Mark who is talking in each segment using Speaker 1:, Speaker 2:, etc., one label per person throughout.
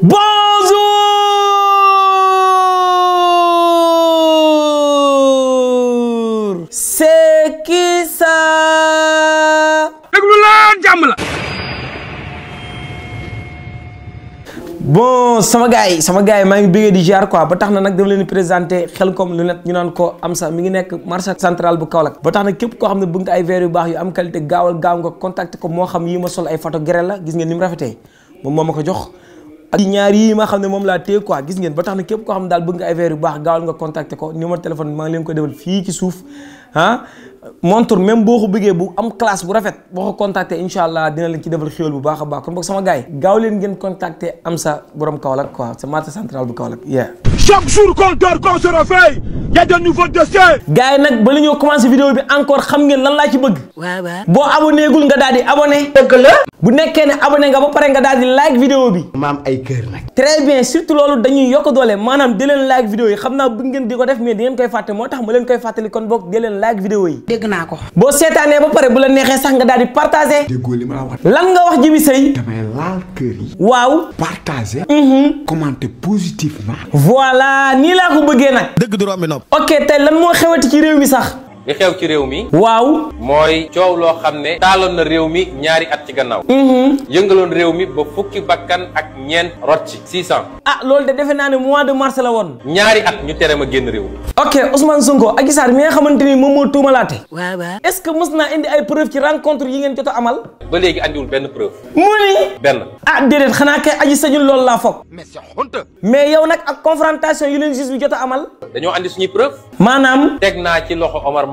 Speaker 1: Bonjour. C'est qui ça?
Speaker 2: déglu leen jàmm la.
Speaker 1: bon sama gars yi sama gars yi maa ngi bëggee di ziar quoi ba tax na nag dama leen di présenté Khelcom lunette ñu naan ko am sax mi ngi nekk marché central bu Kaolack ba tax na képp koo xam ne bëgg nga ay verres yu baax yu am qualité gaawal gaaw nga contacté ko moo xam yi ma sol ay photo grêle la gis ngeen ni mu rafetee moom moo ma ko jox. ak ñaar yi ma xam ne moom laa téye quoi gis ngeen ba tax na képp koo xam daal bëgg nga affaire baax gaawal nga contacter ko numéro téléphone maa leen ko defal fii ci suuf ah montre boo ko bëggee bu am classe bu rafet boo ko contacter incha allah dina leen ci defal xéwal bu baax a baax kon boog sama gars gaaw leen ngeen contacter Amsa borom Kaolack quoi c'est marché central bu Kaolack yeah chaque jour qu'on dort qu'on se y a de nouveaux dossiers. gars yi nag bala ñoo commencé vidéo bi encore xam ngeen lan laa ci bëgg. waaw waaw boo abonné gul nga daal di abonné. dëgg la. bu nekkee ne abonné nga ba pare nga daal like vidéo bi. maam ay kër nag. très bien surtout loolu dañuy yokk doole maanaam di leen like vidéo yi xam naa bu ngeen di ko def mais di ngeen koy fàtte moo tax ma leen koy fàttali kon boog di leen like vidéo yi. dégg naa ko. boo seetaanee ba pare bu la neexee sax nga daal di partagé. ma la wax. lan nga wax Djiby yi. waaw. Mhm. dëgg du ok tey lan moo xewati ci réew mi sax
Speaker 3: li xew ci réew mi. waaw. mooy coow loo xam ne. taaloon na réew mi ñaari at ci gannaaw. Mm-hmm. yëngaloon réew mi ba fukki bakkan ak ñeent rot ci. 600. ah loolu de defe naa ne
Speaker 1: mois de mars la woon.
Speaker 3: ñaari at ñu tere ma génn réew mi.
Speaker 1: ok Ousmane Sonko Adji Sarr mi nga xamante ni moom moo tuumalaate. waaw waaw. est-ce que mës naa indi ay preuve ci rencontre yi ngeen jot a amal.
Speaker 3: ba léegi andiwul benn preuve.
Speaker 1: mu ni. benn. ah déedéet xanaa kay aji sañul loolu laa foog. mais c'est nag ak confrontation a amal.
Speaker 3: dañoo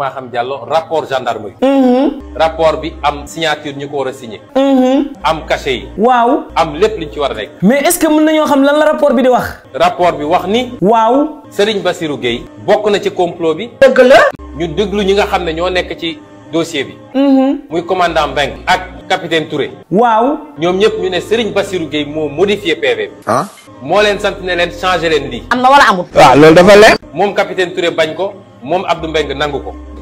Speaker 3: Maham Diallo rapport gendarme yi
Speaker 1: mm-hmm.
Speaker 3: rapport bi am signature ñu ko war a signé
Speaker 1: mm-hmm.
Speaker 3: am cachet yi waaw am lépp liñ ci war a nekk
Speaker 1: mais est-ce que mën nañoo
Speaker 3: xam lan la rapport bi di wax rapport bi wax ni waaw Serigne Bassirou Gueye bokk na ci complot bi dëgg la ñu déglu ñi nga xam ne ñoo nekk ci dossier bi mm-hmm. muy commandant Mbengue ak capitaine Touré waaw ñoom ñëpp ñu ne Serigne Bassirou Gueye moo modifié PV bi ah moo leen sant ne leen changé leen lii
Speaker 1: am na wala amul waaw ah, loolu
Speaker 3: dafa leer bañ ko moom Abdou Mbengue nangu ko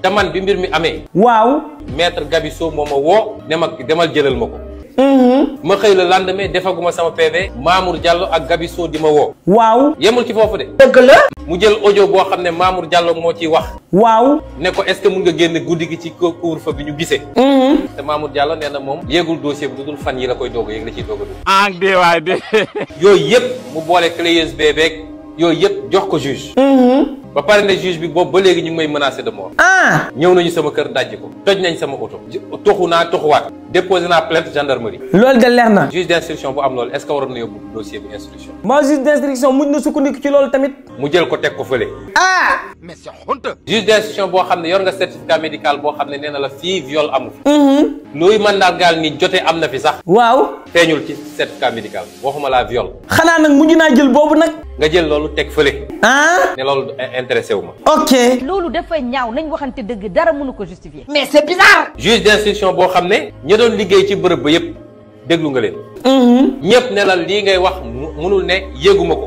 Speaker 3: daman man bi mbir mi gabiso waw maître Gabi moma wo ma ma demal jëlal mako
Speaker 1: hmm ma mm-hmm.
Speaker 3: xey la lendemain defaguma sama PV. Mamour Diallo ak dima di waw wow ya yemul ci fofu de. deug la. mu jël audio bo xamné ne Mamour Diallo mo ci wax. waw ne ko est-ce mën nga genn goudigi gi ci cour fa biñu gissé gisee. Mm-hmm. té Mamour Diallo nee na moom. dossier bi dudul fan yi la koy dogu yégg la ci dogu ah, de waay de. mu bolé clé USB bék yoy yépp jox ko juge.
Speaker 1: Mm-hmm.
Speaker 3: ba pare ne juge bi boobu ba léegi ñu ngi may menacé de mort. ah. ñëw nañu sama kër dajji ko toj nañ sama oto. toxu naa toxuwaat. déposé naa plainte gendarmerie. Lol de leer na. juge d' bu am lol est ce que waroon na dossier bu instruction.
Speaker 1: Ma juge d' muñ na na sukkandiku ci lol tamit.
Speaker 3: mu jël ko tek ko feulé. ah. mais c'est honte. juge d' instruction boo yor nga certificat médical bo xamné ne nee la fii viol amu fi. Mhm. luy mandargaal ni joté amna fi sax. waaw. Téñul ci certificat médical waxuma la viol.
Speaker 1: xanaa nak muñ na jël bobu nak
Speaker 3: nga jël lolou tek feulé hein né loolu ah? intéressé wu ma.
Speaker 1: ok. da fay ñaaw nañ waxante dëgg dara mënu ko justifier. mais c'est bizarre.
Speaker 3: juge d' bo xamné xam doon liggéey ci bërëb ba yëpp déglu nga leen. Mm-hmm. ñëpp ne la ngay wax mënul ne yëguma ko.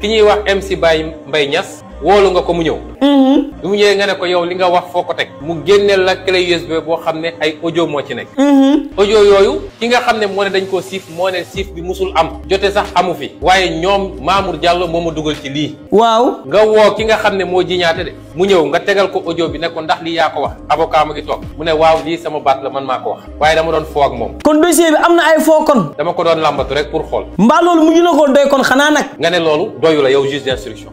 Speaker 3: ki ñuy wax MC Baye Mbaye ñas wóolu nga ko mu ñëw mm-hmm. bi mu ñëwee nga ne ko yow li nga wax foo ko mu génneel la clé USB boo xam ne ay audio moo ci nekk mm-hmm. audio yooyu ki nga xam ne ne dañ koo siif moo ne siif bi musul am jote sax amu fi waaye ñoom Mamour Diallo moo ma dugal ci lii waaw nga woo ki nga xam ne moo jiñaate de mu ñëw nga tegal ko audio bi ne ko ndax lii yaa ko wax avocat ma ngi toog mu ne waaw lii sama baat la man maa wax waaye dama doon foo ak moom kon dossier bi am na ay foo kon dama ko doon làmbatu rek pour xool mbaa loolu mujj na koo doy kon xanaa nag nga ne loolu doyu la yow juge d'instruction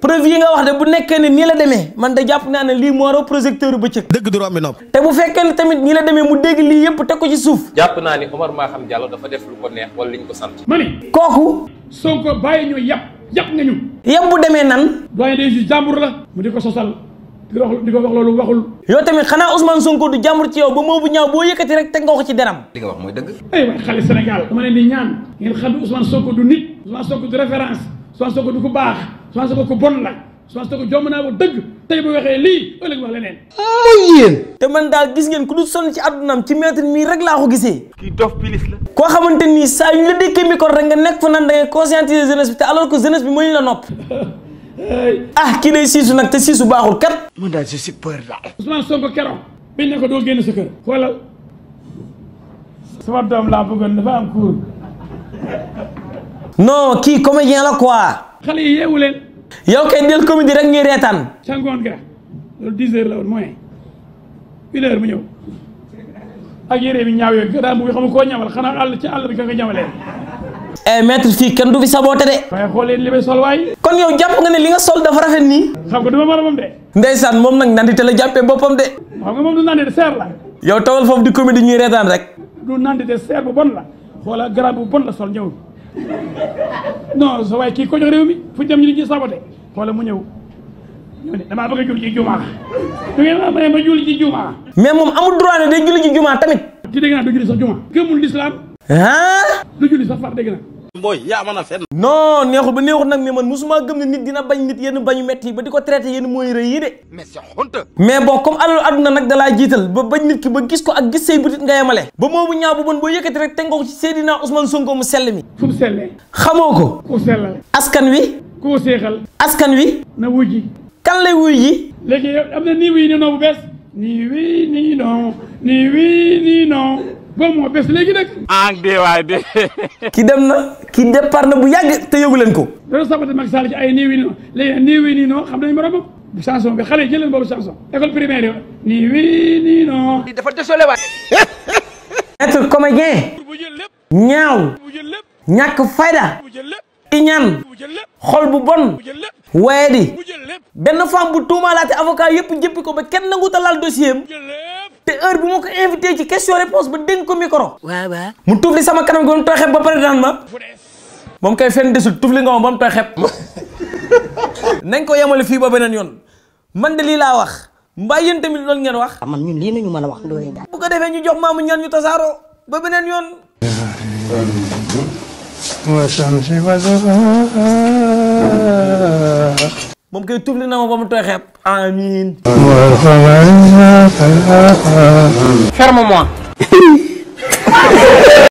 Speaker 1: preuve yi nga wax de bu nekkee ne ni la démé man de japp naa ne lii moo raw projecteur ci deug du rombi nop té bu fekké ne tamit ni la démé mu dégg li yépp té ko ci souf
Speaker 3: japp naa ni Omar xam Diallo dafa def lu ko neex wala liñ ko sant
Speaker 2: mani kooku Sonko baye ñu yàpp yàpp nga ñu yàpp bu démé nan doyen des juges jambour la mu di sosal
Speaker 1: Yo tamit xana Ousmane Sonko du jamur ci yow ba mo bu ñaaw bo yëkëti rek tek nga ko ci deram
Speaker 2: li nga wax moy dëgg ay wax xali Sénégal dama leen di ñaan ngeen xam ne Ousmane Sonko du nit Ousmane Sonko du référence Ousmane Sonko du ku baax Ousmane Sonko ko bon la Ousmane Sonko jomm naa ko dëgg tey bu waxee lii ëllëg wax leneen. muy te man daal gis ngeen ku du son ci addunaam ci maître mii rek laa ko gisee.
Speaker 1: kii dof pilis la. koo xamante ni saa yu ñu la dékkee micro rek nga nekk fa naan da ngay conscientiser jeunesse bi te alors que jeunesse bi mënuñ la nopp. ah kii day siisu nag te siisu baaxul kat.
Speaker 2: man daal je suis peur daal. Ousmane Sonko keroog. biñ ne ko doo laa bëggoon dafa am kii comédien la
Speaker 1: xale yi yeewu leen. yow kay del comédie rek ñuy reetaan.
Speaker 2: ca ngoon ga loolu dix heures la woon mooy une heure mu ñëw ak yére bi ñaaw yooyu gannaaw bi xam koo ñamal xanaa àll ci àll bi ka nga ñamalee. eh maître fii kenn du fi saboté de. leen li may sol waay. kon yow jàpp nga ne li nga sol dafa rafet nii. xam nga dama moromam de.
Speaker 1: ndeysaan moom nag nandite
Speaker 2: la jàppee boppam de. xam nga moom du nandite seer la. yow tawal foofu di comédie ñuy reetaan rek. du nandite seer bu bon la xoolal garab bu bon la sol ñëw. non sa waay kii ko jox réew mi fu dem ñu di ci saboté wala mu ñëw ñu ne damaa bëgg a julli ci jumaa da ngeen ma ma julli ci jumaa mais moom amul droit ne day julli ci jumaa tamit. ci dégg naa du julli sax jumaa gëmul lislaam.
Speaker 1: ah.
Speaker 2: lu julli sa far dégg naa. booy yaa mën a neexul ba neexul
Speaker 1: nag mais man musuma gëm ne nit dina bañ nit yenn bañu metti yi ba di ko traité yenn mooy rëy yi de mais c'est honte mais bon nag dalaa jiital ba bañ nit ki ba gis ko ak gis say butit nga yemale ba moomu ñaaw bu bon boo yëkkati rek te nga ko ci Seydina Ousmane Sonko mu sell mi fu mu sellee xamoo ko askan
Speaker 2: wi ku seexal askan wi na wujji kan lay wuy ji léegi am na nii wii nii non bu bees nii wii nii non nii wii nii non boobu moo bés léegi nag.
Speaker 1: ah dee waay dee. ki dem na ki départ na bu yàgg te yóbbu leen ko.
Speaker 2: loolu sababu Macky Sall ci ay niiw yi nii léegi niiw yi nii noo xam nañu moromam. bu chanson bi xale yi jël leen boobu chanson. école primaire yi niiw yi nii noo. dafa désolé waay. être comédien.
Speaker 1: ñaaw. ñàkk fayda. iñaan. xol bu bon. waaye di. benn femme bu tuumaalaate avocat yëpp jëppi ko ba kenn nangu talaal dossier am. té heure bu moko invité ci question réponse ba dénk ko micro. wa waaw. mu tuufli sama kanam gi ba ba paré daan ma. mom kay fenn dessul tuufli nga mom bam mu nañ ko yemale fi ba benen yoon man de li la wax mbaa yéen tamit loolu ngeen wax. Ah, man ñun li nañu mëna wax a da bu ko défé ñu jox maamu ñaan ñu tasaaroo ba beneen yoon.
Speaker 3: والشمس وضحاها
Speaker 1: moom kay tufli na ma ba mu tooy xeeb. amiin.
Speaker 2: ferme